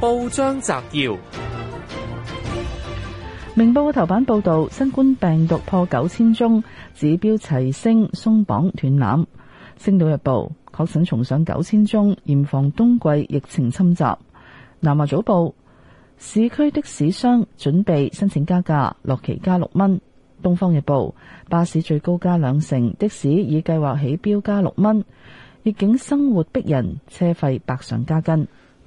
報章摘要：明報頭版報道，新冠病毒破九千宗，指標齊升，鬆綁斷纜。星島日報確診重上九千宗，嚴防冬季疫情侵襲。南華早報市區的士商準備申請加價，落期加六蚊。東方日報巴士最高加兩成，的士已計劃起標加六蚊。疫境生活逼人，車費百上加斤。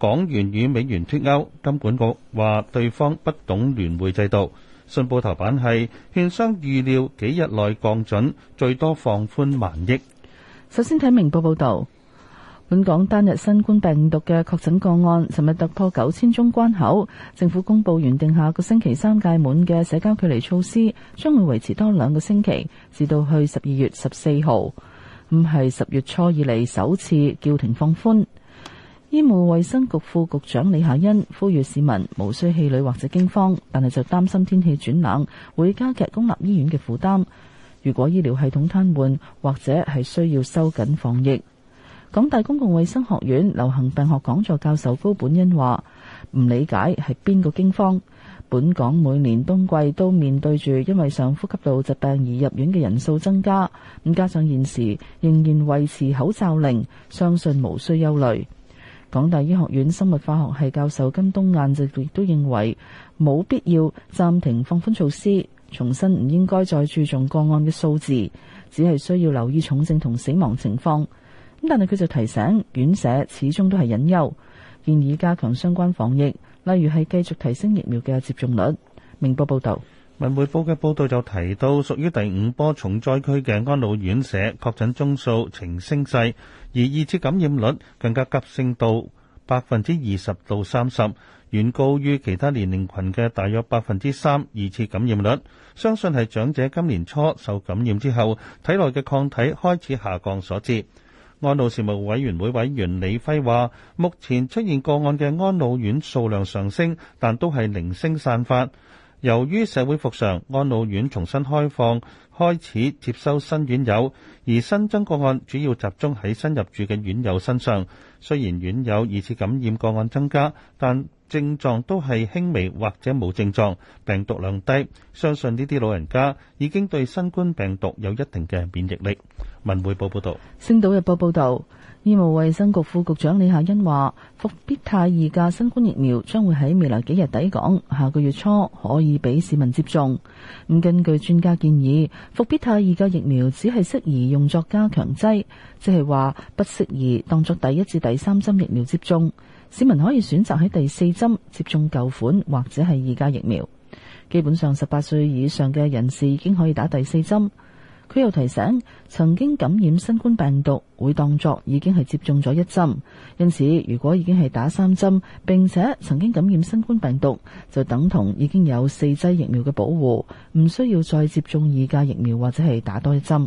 港元與美元脱鈎，金管局話對方不懂聯會制度。信報頭版係券商預料幾日內降準，最多放寬萬億。首先睇明報報道，本港單日新冠病毒嘅確診個案，尋日突破九千宗關口。政府公布原定下個星期三屆滿嘅社交距離措施，將會維持多兩個星期，至到去十二月十四號。咁係十月初以嚟首次叫停放寬。醫務衛生局副局長李夏茵呼籲市民無需氣餒或者驚慌，但係就擔心天氣轉冷會加劇公立醫院嘅負擔。如果醫療系統癱瘓或者係需要收緊防疫，港大公共衛生學院流行病學講座教授高本恩話：唔理解係邊個驚慌。本港每年冬季都面對住因為上呼吸道疾病而入院嘅人數增加，咁加上現時仍然維持口罩令，相信無需憂慮。港大醫學院生物化學系教授金冬雁亦都認為，冇必要暫停放寬措施，重新唔應該再注重個案嘅數字，只係需要留意重症同死亡情況。咁但係佢就提醒，院舍始終都係隱憂，建議加強相關防疫，例如係繼續提升疫苗嘅接種率。明報報道。文匯報嘅報導就提到，屬於第五波重災區嘅安老院舍確診宗數呈升勢，而二次感染率更加急升到百分之二十到三十，遠高於其他年齡群嘅大約百分之三二次感染率。相信係長者今年初受感染之後，體內嘅抗體開始下降所致。安老事務委員會委員李輝話，目前出現個案嘅安老院數量上升，但都係零星散發。由於社會復常，安老院重新開放，開始接收新院友，而新增個案主要集中喺新入住嘅院友身上。雖然院友二次感染個案增加，但症狀都係輕微或者冇症狀，病毒量低，相信呢啲老人家已經對新冠病毒有一定嘅免疫力。文匯報報道，星島日報報道，醫務衛生局副局長李夏欣話，伏必泰二價新冠疫苗將會喺未來幾日抵港，下個月初可以俾市民接種。咁根據專家建議，伏必泰二價疫苗只係適宜用作加強劑，即係話不適宜當作第一至第三針疫苗接種。市民可以選擇喺第四針接種舊款或者係二價疫苗。基本上，十八歲以上嘅人士已經可以打第四針。佢又提醒，曾經感染新冠病毒會當作已經係接種咗一針。因此，如果已經係打三針，並且曾經感染新冠病毒，就等同已經有四劑疫苗嘅保護，唔需要再接種二價疫苗或者係打多一針。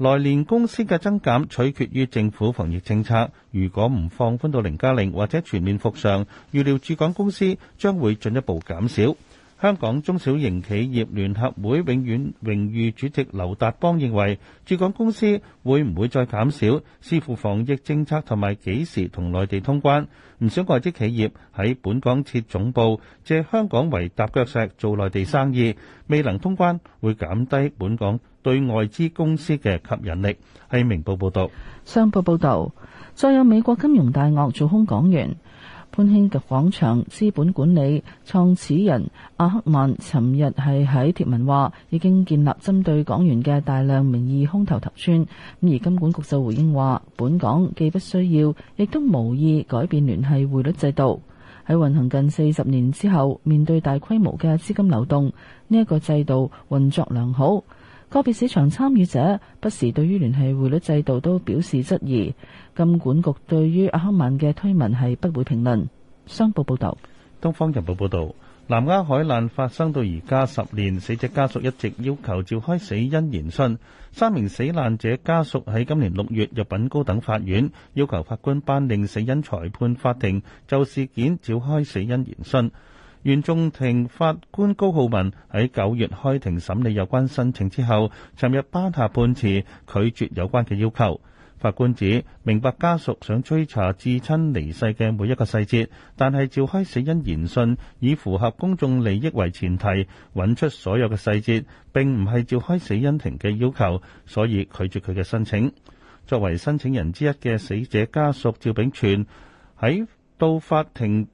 來年公司嘅增減取決於政府防疫政策，如果唔放寬到零加零或者全面復常，預料駐港公司將會進一步減少。香港中小型企業聯合會永遠榮譽主席劉達邦認為，駐港公司會唔會再減少，視乎防疫政策同埋幾時同內地通關。唔少外資企業，喺本港設總部，借香港為搭腳石做內地生意，未能通關，會減低本港對外資公司嘅吸引力，喺明報報道。商報報道，再有美國金融大鱷做空港元，潘興及廣場資本管理創始人阿克曼，尋日係喺貼文話，已經建立針對港元嘅大量名義空頭頭寸。而金管局就回應話，本港既不需要，亦都無意改變聯繫匯率制度。喺運行近四十年之後，面對大規模嘅資金流動，呢一個制度運作良好。個別市場參與者不時對於聯繫匯率制度都表示質疑。金管局對於阿克曼嘅推文係不會評論。商報報導，東方日報報道：「南丫海難發生到而家十年，死者家屬一直要求召開死因研訊。三名死難者家屬喺今年六月入禀高等法院，要求法官頒令死因裁判法庭就事件召開死因研訊。原訟庭法官高浩文喺九月開庭審理有關申請之後，尋日頒下判詞，拒絕有關嘅要求。法官指，明白家屬想追查至親離世嘅每一個細節，但係召開死因研訊以符合公眾利益為前提，揾出所有嘅細節，並唔係召開死因庭嘅要求，所以拒絕佢嘅申請。作為申請人之一嘅死者家屬趙炳全喺到法庭。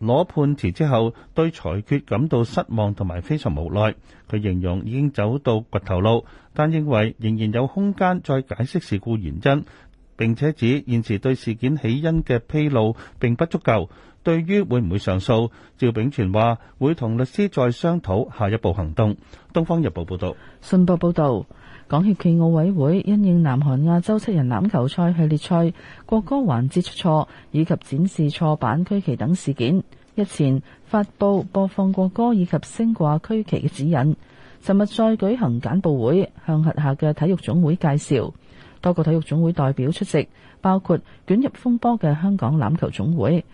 攞判詞之後，對裁決感到失望同埋非常無奈。佢形容已經走到掘頭路，但認為仍然有空間再解釋事故原因。並且指現時對事件起因嘅披露並不足夠。對於會唔會上訴，趙炳全話會同律師再商討下一步行動。《東方日報》報道。《信報》報道，港協暨奧委會因應南韓亞洲七人欖球賽系列賽國歌環節出錯以及展示錯版區旗等事件，日前發佈播放國歌以及升掛區旗嘅指引，尋日再舉行簡報會，向轄下嘅體育總會介紹。多個體育總會代表出席，包括捲入風波嘅香港欖球總會。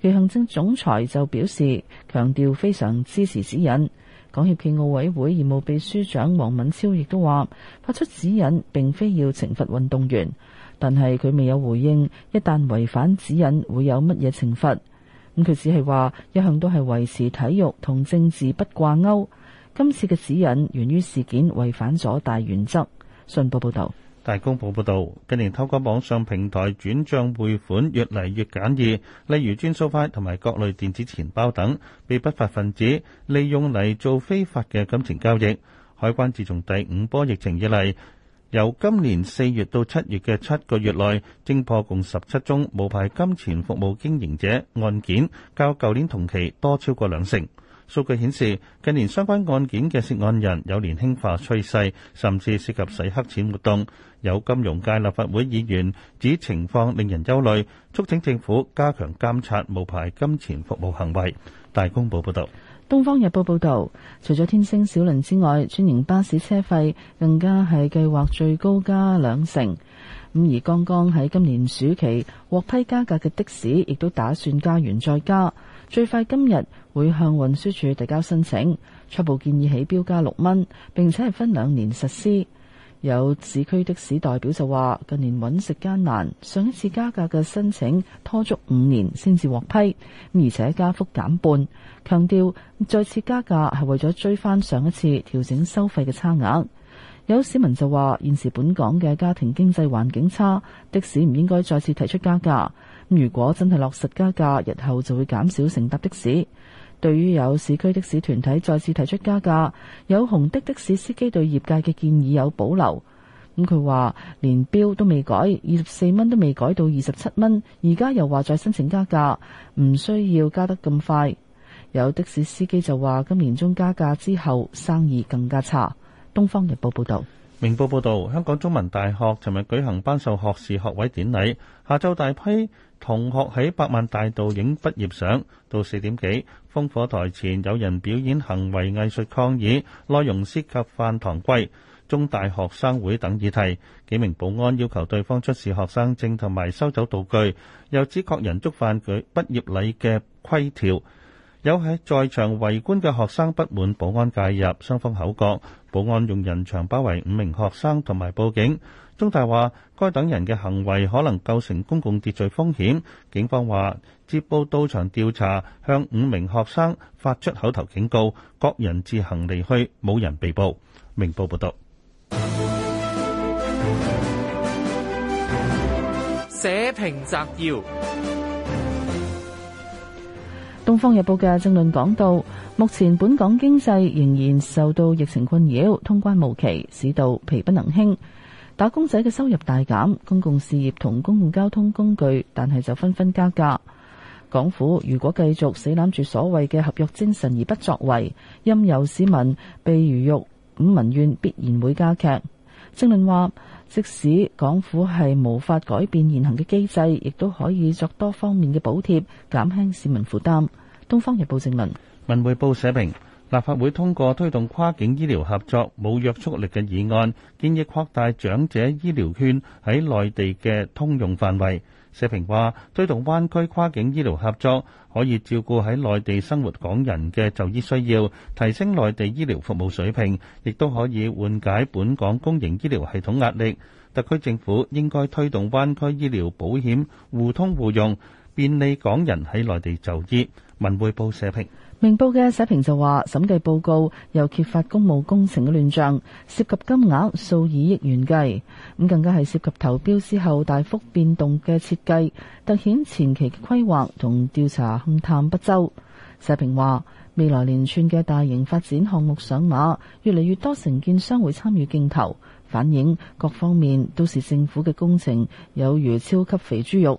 其行政總裁就表示，強調非常支持指引。港協暨奧委會義務秘書長王敏超亦都話，發出指引並非要懲罰運動員，但係佢未有回應一旦違反指引會有乜嘢懲罰。咁佢只係話一向都係維持體育同政治不掛鈎。今次嘅指引源於事件違反咗大原則。信報報道。大公報報導，近年透過網上平台轉賬匯款越嚟越簡易，例如轉數快同埋各類電子錢包等，被不法分子利用嚟做非法嘅金錢交易。海關自從第五波疫情以嚟，由今年四月到七月嘅七個月內，偵破共十七宗無牌金錢服務經營者案件，較舊年同期多超過兩成。數據顯示，近年相關案件嘅涉案人有年輕化趨勢，甚至涉及洗黑錢活動。有金融界立法會議員指情況令人憂慮，促請政府加強監察無牌金錢服務行為。大公報報道，東方日報報道，除咗天星小輪之外，專營巴士車費更加係計劃最高加兩成。咁而剛剛喺今年暑期獲批加價嘅的，的士，亦都打算加完再加。最快今日會向運輸署遞交申請，初步建議起標價六蚊，並且係分兩年實施。有市區的士代表就話：近年揾食艱難，上一次加價嘅申請拖足五年先至獲批，而且加幅減半，強調再次加價係為咗追翻上一次調整收費嘅差額。有市民就話：現時本港嘅家庭經濟環境差，的士唔應該再次提出加價。如果真係落實加價，日後就會減少乘搭的士。對於有市區的士團體再次提出加價，有紅的的士司機對業界嘅建議有保留。咁佢話：連標都未改，二十四蚊都未改到二十七蚊，而家又話再申請加價，唔需要加得咁快。有的士司機就話：今年中加價之後，生意更加差。《東方日報》報道，《明報》報道，香港中文大學尋日舉行頒授學士學位典禮，下晝大批同學喺百萬大道影畢業相，到四點幾，烽火台前有人表演行為藝術抗議，內容涉及犯堂規、中大學生會等議題，幾名保安要求對方出示學生證同埋收走道具，又指各人觸犯佢畢業禮嘅規條。有喺在場圍觀嘅學生不滿保安介入，雙方口角，保安用人牆包圍五名學生同埋報警。中大話，該等人嘅行為可能構成公共秩序風險。警方話，接報到場調查，向五名學生發出口頭警告，各人自行離去，冇人被捕。明報報道：社評摘要。《東方日報》嘅政論講到，目前本港經濟仍然受到疫情困擾，通關無期，使到疲不能興。打工仔嘅收入大減，公共事業同公共交通工具，但係就紛紛加價。港府如果繼續死攬住所謂嘅合約精神而不作為，任由市民被魚肉，五民怨必然會加劇。政論話，即使港府係無法改變現行嘅機制，亦都可以作多方面嘅補貼，減輕市民負擔。《東方日報》正文：文匯報寫明。立法會通過推動跨境醫療合作冇約束力嘅議案，建議擴大長者醫療券喺內地嘅通用範圍。社評話，推動灣區跨境醫療合作可以照顧喺內地生活港人嘅就醫需要，提升內地醫療服務水平，亦都可以緩解本港公營醫療系統壓力。特區政府應該推動灣區醫療保險互通互用。便利港人喺內地就醫，文匯報社評。明報嘅社評就話，審計報告又揭發公務工程嘅亂象，涉及金額數以億元計，咁更加係涉及投標之後大幅變動嘅設計，凸顯前期嘅規劃同調查勘探不周。社評話，未來連串嘅大型發展項目上馬，越嚟越多承建商會參與競投，反映各方面都是政府嘅工程，有如超級肥豬肉。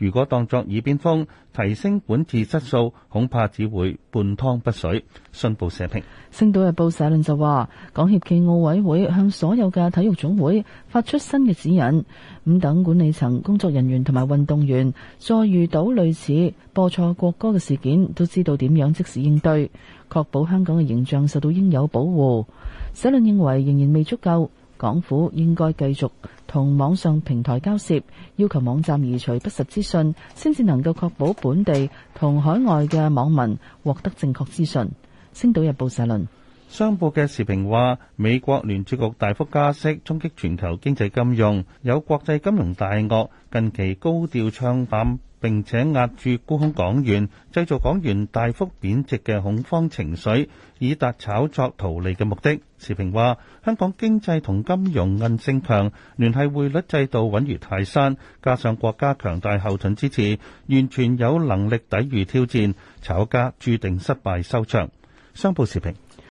如果當作耳邊風，提升管治質素恐怕只會半湯不水。信報社評，《星島日報》社論就話：港協暨奧委會向所有嘅體育總會發出新嘅指引，唔等管理層、工作人員同埋運動員，再遇到類似播錯國歌嘅事件，都知道點樣即時應對，確保香港嘅形象受到應有保護。社論認為仍然未足夠。港府應該繼續同網上平台交涉，要求網站移除不實資訊，先至能夠確保本地同海外嘅網民獲得正確資訊。星島日報社論。商報嘅時評話：美國聯儲局大幅加息，衝擊全球經濟金融，有國際金融大鱷近期高調唱淡，並且壓住沽空港元，製造港元大幅貶值嘅恐慌情緒，以達炒作圖利嘅目的。時評話：香港經濟同金融韌性強，聯繫匯率制度穩如泰山，加上國家強大後盾支持，完全有能力抵禦挑戰，炒家注定失敗收場。商報時評。